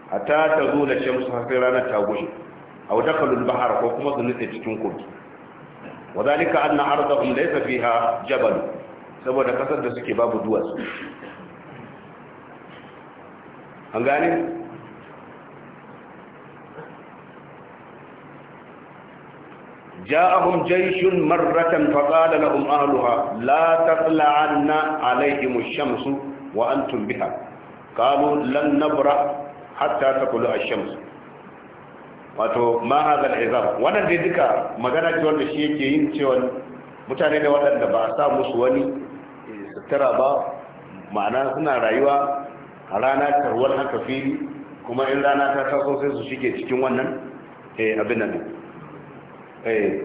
hatta da shamsu har rana ta gushe aw wata al bahar ko kuma su nutse cikin kogi wadalika an na arda hun laifa saboda kasar da suke babu duwas an gani ja'ahum jayshun marratan fa qala lahum ahluha la taqla'anna 'alayhim ash-shamsu wa antum biha qalu lan nabra hatta taqulu ash-shamsu wato ma hazal izam wannan dai duka magana ce wanda shi yake yin cewa mutane da waɗanda ba a sa musu wani eh, sutura ba ma'ana suna rayuwa a rana tarwar haka fili kuma in rana ta taso sai su shige cikin wannan eh, abin nan eh,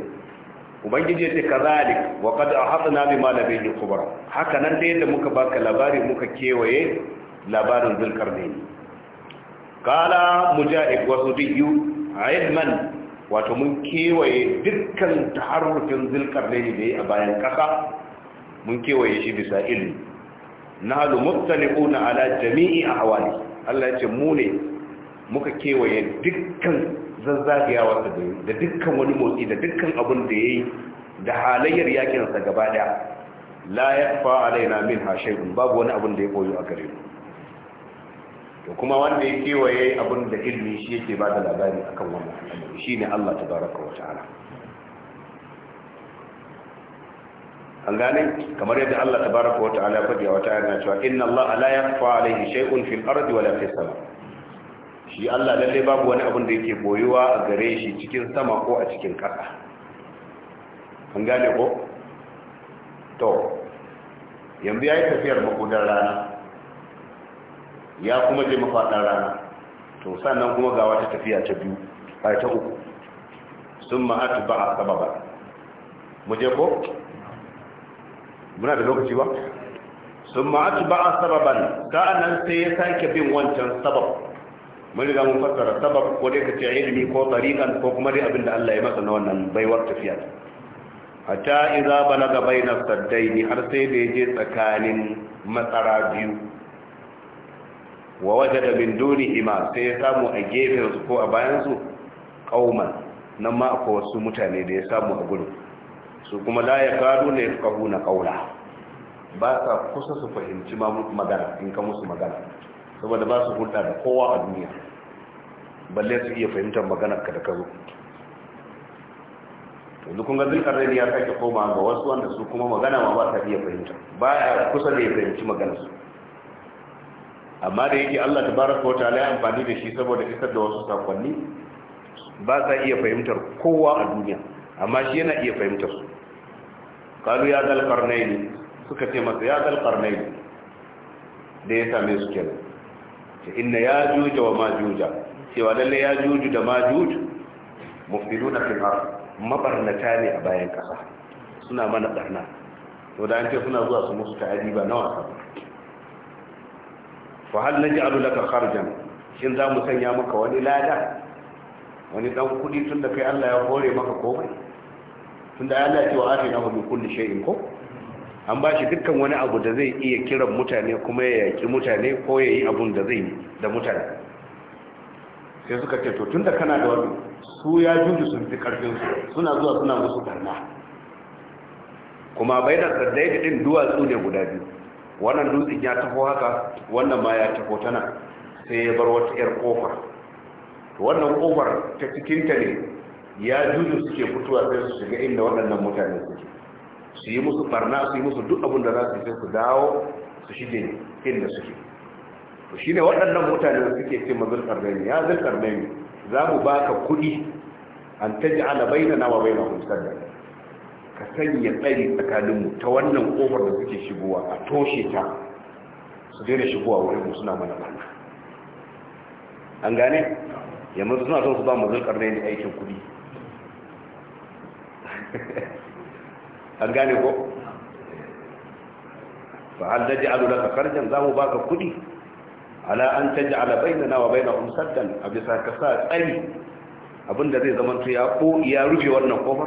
ubangiji ya ce kazalik wa qad ahatna bima lam yakun kubra haka nan dai da muka baka labari muka kewaye labarin zulkarnain qala mujahid wa sudiyu ilman wato mun kewaye dukkan taharrufin zulkarnaini da ya a bayan kasa mun kewaye shi bisa ilmi nahnu muttaliquna ala jami'i ahwali Allah ya ce mu ne muka kewaye dukkan zazzagiyawa da dukkan wani motsi da dukkan abin da yayi da halayyar yakin gaba daya la yakfa alaina min shay'un babu wani abin da ya koyo a gare mu to kuma wanda ya kewaye abin da ilmi shi yake ba da labari akan wannan al'amari ne Allah Ta baraka wa ta'ala an gane kamar yadda Allah Ta tabaraka wa ta'ala faɗi a wata yana cewa inna Allah ala la yakhfa alayhi shay'un fil ardi wala fis sama shi Allah lalle babu wani abin da yake boyuwa a gare shi cikin sama ko a cikin ƙasa an gane ko to yanzu ya yi tafiyar makudan rana ya kuma je mafaɗar rana to sannan kuma ga wata tafiya ta biyu a ta uku sun ma'atu ba a saba ba mu je ko? muna da lokaci ba? sun ma'atu ba a saba ba nan sai ya sake bin wancan sabab mun riga mun fassara sabab ko dai ka ce ilimi ko tsarikan ko kuma dai abin da Allah ya masa na wannan baiwar tafiya hatta idza balaga baina saddaini har sai da je tsakanin matsara biyu wa wajada min Ima sai ya samu a gefensu su ko a bayansu? su nan ma ko wasu mutane da ya samu a gudu su kuma la ya kadu ne huna kaula ba sa kusa su fahimci ma magana in ka musu magana saboda ba su hulɗa da kowa a duniya balle su iya fahimtar magana ka da To zo yanzu kun ga zulkarnaini ya sake koma ga wasu wanda su kuma magana ma ba ta iya fahimta ba ya kusa da ya fahimci magana. su amma da yake Allah baraka wa ta'ala ya amfani da shi saboda isar da wasu sakonni ba sa iya fahimtar kowa a duniya amma shi yana iya fahimtar su kalu ya dal qarnaini suka ce masa ya dal qarnaini da ya same su kenan ce inna ya juja wa majuja cewa lalle ya juju da majuj mufiduna fil ard mabarnata ne a bayan kasa suna mana barna to da an ce suna zuwa su musu ta'adi ba na wasa fa hal naj'alu laka kharjan shin za mu sanya maka wani lada wani dan kudi tun da kai Allah ya hore maka komai tunda Allah ya ce wa atina min kulli shay'in ko an ba shi dukkan wani abu da zai iya kiran mutane kuma ya yaki mutane ko ya yi abun da zai da mutane sai suka ce to tunda kana da wani su ya juju sun fi su suna zuwa suna musu barna kuma bai da tsaddai din duwatsu ne guda biyu wannan dutsen ya taho haka wannan ma ya taho tana sai ya bar wata 'yar To wannan kofar ta cikin ta ne ya juju suke fitowa sai su shiga inda waɗannan mutane suke su yi musu barna su yi musu duk abin da za su yi su dawo su shige inda suke to shi ne waɗannan mutane suke ce ma zulkar gani ya zulkar gani za mu baka kuɗi an taji ala baina na wa baina da sadaka ka sanya tsari tsakaninmu ta wannan kofar da suke shigowa a toshe ta su daina shigowa wurin suna mana mana an gane yamma suna son su ba mu na yin aikin kuɗi an gane ko fa hal naj'alu laka karjan za mu baka kudi ala an taj'ala na wa bainahum saddan bisa ka sa tsari abinda zai zama ya ko ya rufe wannan kofar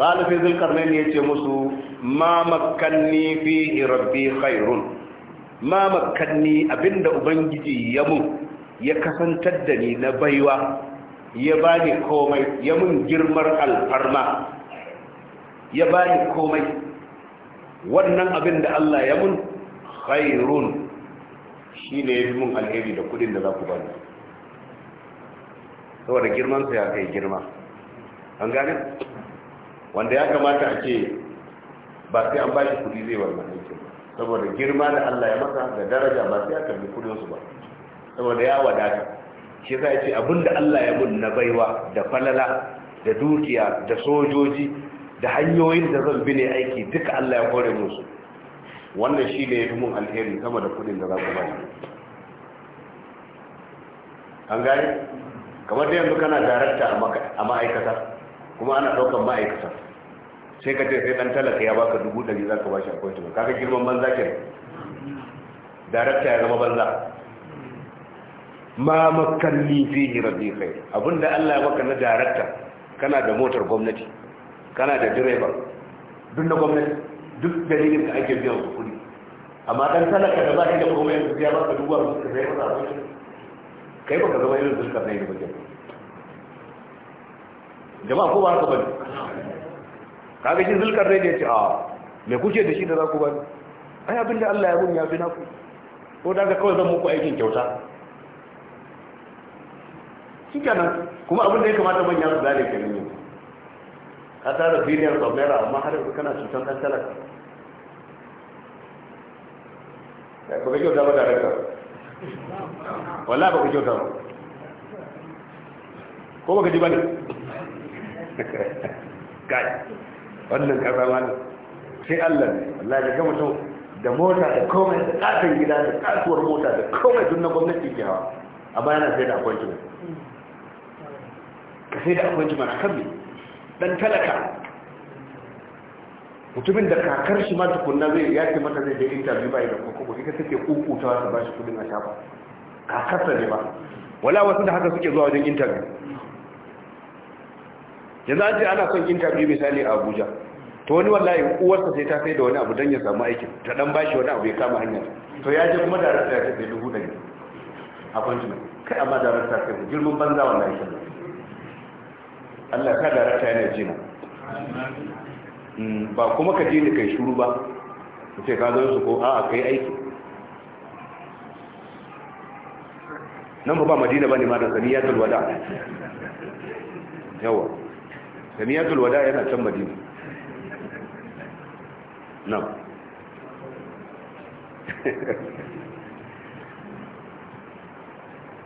قال في ذي القرنين يتمس ما مكنني فيه ربي خير ما مكنني أبن أبنجي يمن يكسن تدني نبيوة يباني كومي يمن جرمر الفرما يباني كومي wannan abin khayrun. da Allah ya mun khairun shi ne yafi mun alheri da kuɗin da za ku bani saboda girman ya kai girma an gane wanda ya kamata a ce ba sai an bashi kudi zai wannan aikin saboda girma da Allah ya masa da daraja ba sai ya kalli kudin ba saboda ya wadata shi za ya ce abinda Allah ya mun na baiwa da falala da dukiya da sojoji da hanyoyin da zan bi ne aiki duka Allah ya kore musu wannan shi ne ya fi mun alheri sama da kudin da za ku bashi an gani kamar da yanzu kana darakta a ma'aikata kuma ana ɗaukar ma'aikata sai ka ce sai dan talaka ya baka dubu ɗari za ka bashi appointment kaga girman banza ke darakta ya zama banza ma makanni fihi rabbi khair abinda Allah ya baka na darakta kana da motar gwamnati kana da direba duk na gwamnati duk dalilin da ake biyan su kuɗi amma dan talaka da ba shi da komai yanzu ya baka dubu a ka zai masa abin kai baka zama irin zulkar na yi da bakin jama'a ko ba ka bani? kaga shi zulkarnain ya ce a ah, mai kuke da shi da za ku bani ai abin da Allah ya mun ya fi naku ko da kawai zan muku aikin kyauta shi kenan kuma abin da ya kamata manya su zane kenan yau ka tara biliyan sau naira amma har yanzu kana cutar ɗan talaka ya kuma kyauta ba tare ka. wallah ba ku kyauta ba ko ba ka ji ba ne kai wannan kaza ma sai Allah ne Allah ya ga mutum da mota da komai da katon gida da kasuwar mota da komai duk na gwamnati ke hawa amma yana sai da akwanci jima ka sai da akwanci jima na kan dan talaka mutumin da kakar shi ma kunna zai ya ce mata zai je interview bai da kokoko ita take kukuta ta ba shi kudin a shafa kakar sa ne ba wala wasu da haka suke zuwa wajen interview yanzu an ce ana son interview misali a abuja to wani wallahi uwarsa sai ta sai da wani abu don ya samu aikin ta dan shi wani abu ya kama hanyar to ya je kuma darasta ya tafi dubu da a kwanjinan kai amma darasta sai girman banza wallahi shi Allah ka darasta yana jina hmm, ba kuma ka je ni kai shuru ba sai ka zo su ko a'a kai aiki nan ba madina bane ma da sani ya tulwada yawa taniyatul wada yana can madina nan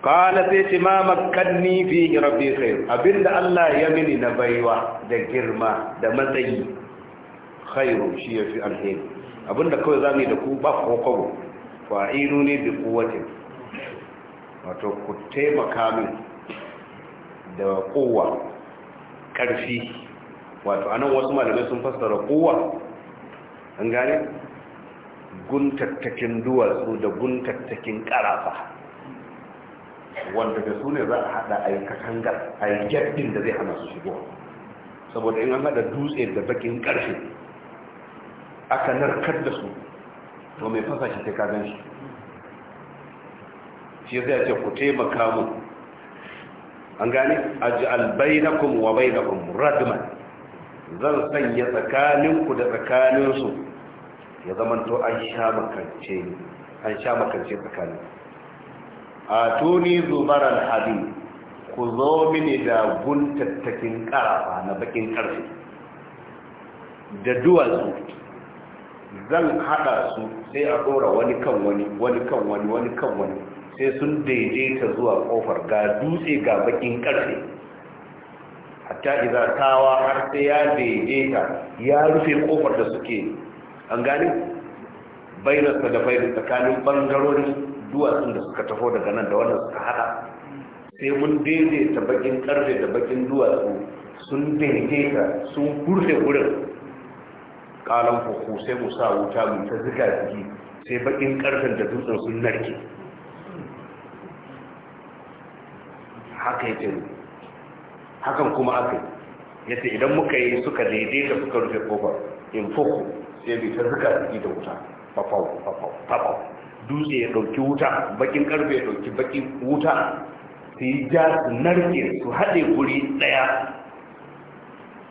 kala sai ce ma makanni fi rabbi khair abinda Allah ya mini na baiwa da girma da matsayi khairu shi ya fi alheri abinda kawai zamu da ku ba kokobo fa inu ne da quwwati wato ku taimaka min da kowa ƙarfi wato nan wasu malamai sun fassara kowa an gane guntattakin duwatsu da guntattakin ƙarafa wanda da su ne za a haɗa a yi katangar a yi gyaɗin da zai hana su shigo saboda in an haɗa dutse da bakin ƙarfi aka narkar da su to mai fasa shi ta kagan shi shi zai ce ku taimaka mu an gane aj'al bainakum wa bainakum radman zan sanya tsakaninku da tsakaninsu ya zamanto an sha makance an sha makance tsakanin atuni zubaral hadid ku zo mini da guntattakin karafa na bakin karfi da duwatsu zan hada su sai a ɗora wani kan wani wani kan wani wani kan wani sai sun daidaita zuwa kofar ga dutse ga bakin karfe hatta idan tawa har sai ya daidaita ya rufe kofar da suke an gani bainarsa da bai tsakanin bangarorin duwatsun da suka taho daga nan da wannan suka hada sai mun daidaita bakin karfe da bakin duwatsu sun daidaita sun kurfe wurin kalan fuku sai mu sa wuta mu ta ziga jiki sai bakin karfen da dutsen sun narke haka ya ce hakan kuma aka yi ya idan muka yi suka daidaita suka rufe kofar in foko sai bai ta zuka da wuta papau papau papau dutse ya ɗauki wuta bakin karfe ya ɗauki bakin wuta su yi ja su narke su haɗe guri ɗaya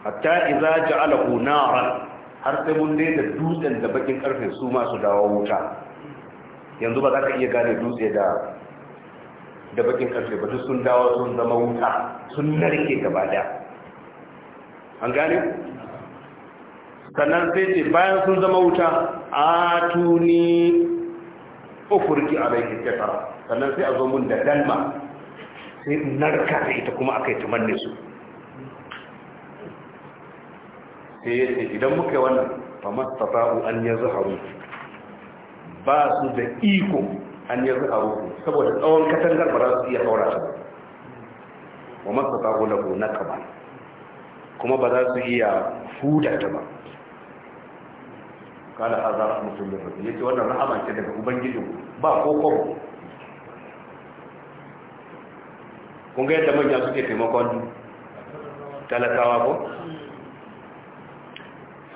hatta iza ja'alahu naran har sai mun da dutsen da bakin karfe su ma su dawo wuta yanzu ba za ka iya gane dutse da da bakin karfe ba duk sun dawo sun zama wuta sun narke gaba da an gane sannan sai ce bayan sun zama wuta a tuni ofurki a mai kyakkyafa sannan sai a zo mun da dalma sai narka da ita kuma aka yi tumanne su sai ya ce idan muka yi wannan famar tafa'u an ya zuharu ba su da iko an yi abu saboda tsawon katangar ba za su iya saura su wa masu kago na gona kama kuma ba za su iya huda ta ba kada a za su mutum da rabu ya ce wannan rahama ce daga ubangijin ba ko kwaro kun ga yadda manya suke taimakon talakawa ko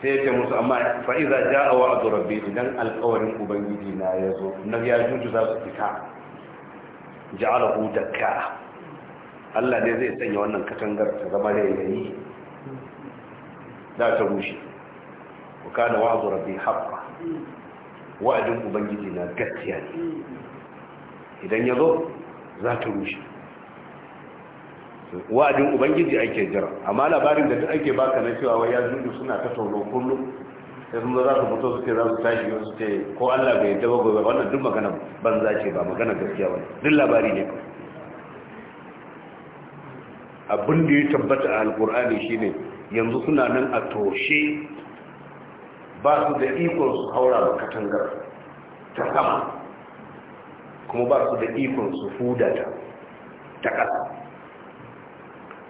sai ya ce musu amma fa'iza ja a wa'adu rabbi idan alkawarin ubangiji na ya zo na ya juju za su fita ja'alahu dakka Allah ne zai sanya wannan katangar ta zama da yayi za ta rushe ku kana wa'adu rabbi haqqa wa'adin ubangiji na gaskiya ne idan ya zo za ta rushe wa'adin ubangiji ake jira amma labarin da duk ake baka na cewa wai yajuju suna ta tono kullum sai sun za su fito su za su tashi su ce ko Allah bai yadda gobe wannan duk magana banza ce ba magana gaskiya ba duk labari ne abin da ya tabbata a alkur'ani shine yanzu suna nan a toshe ba su da ikon su haura ba katangar ta sama kuma ba su da ikon su huda ta ta ƙasa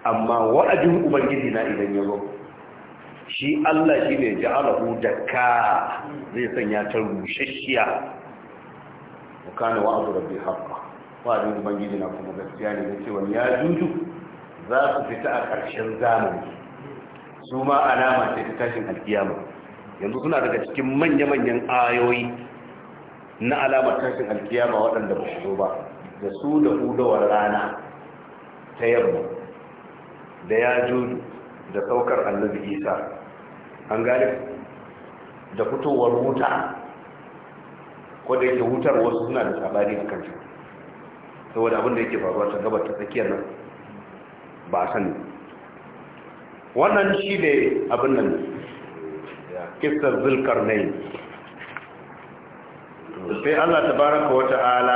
amma wa'adin ubangiji na idan ya zo shi Allah shi ne ja'alahu dakka zai sanya ta rushashiya wa kana wa'du rabbi haqqa wa'adin ubangiji na kuma gaskiya ne da cewa ya juju za su fita a ƙarshen zamani su ma alama ce ta tashin alkiyama yanzu suna daga cikin manya-manyan ayoyi na alamar tashin alkiyama waɗanda ba su zo ba da su da hudawar rana ta yamma da ya juju da saukar annabi isa an gane da fitowar wuta ko da yake wutar wasu suna da sabari a kanta saboda abinda yake faruwa ta gabata ta tsakiyar nan ba a sani wannan shi ne abin nan kistar zulkar nai sai allah ta baraka wata ala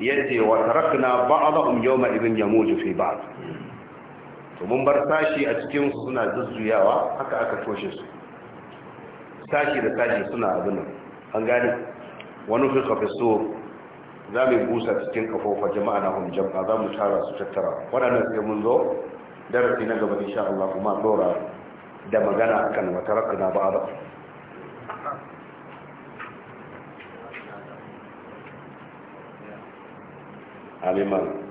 yace wa tarakna ba'dahum yawma idhin yamuju fi ba'd to mun bar sashi a cikin su suna zuzzuyawa haka aka toshe su sashi da sashi suna abin nan an gane wani fi kafiso za mu busa cikin kafofa jama'a na hum jama'a za mu tara su tattara waɗannan sai mun zo darasi na gaba insha Allah kuma dora da magana akan wata rakna ba'dahum alemão.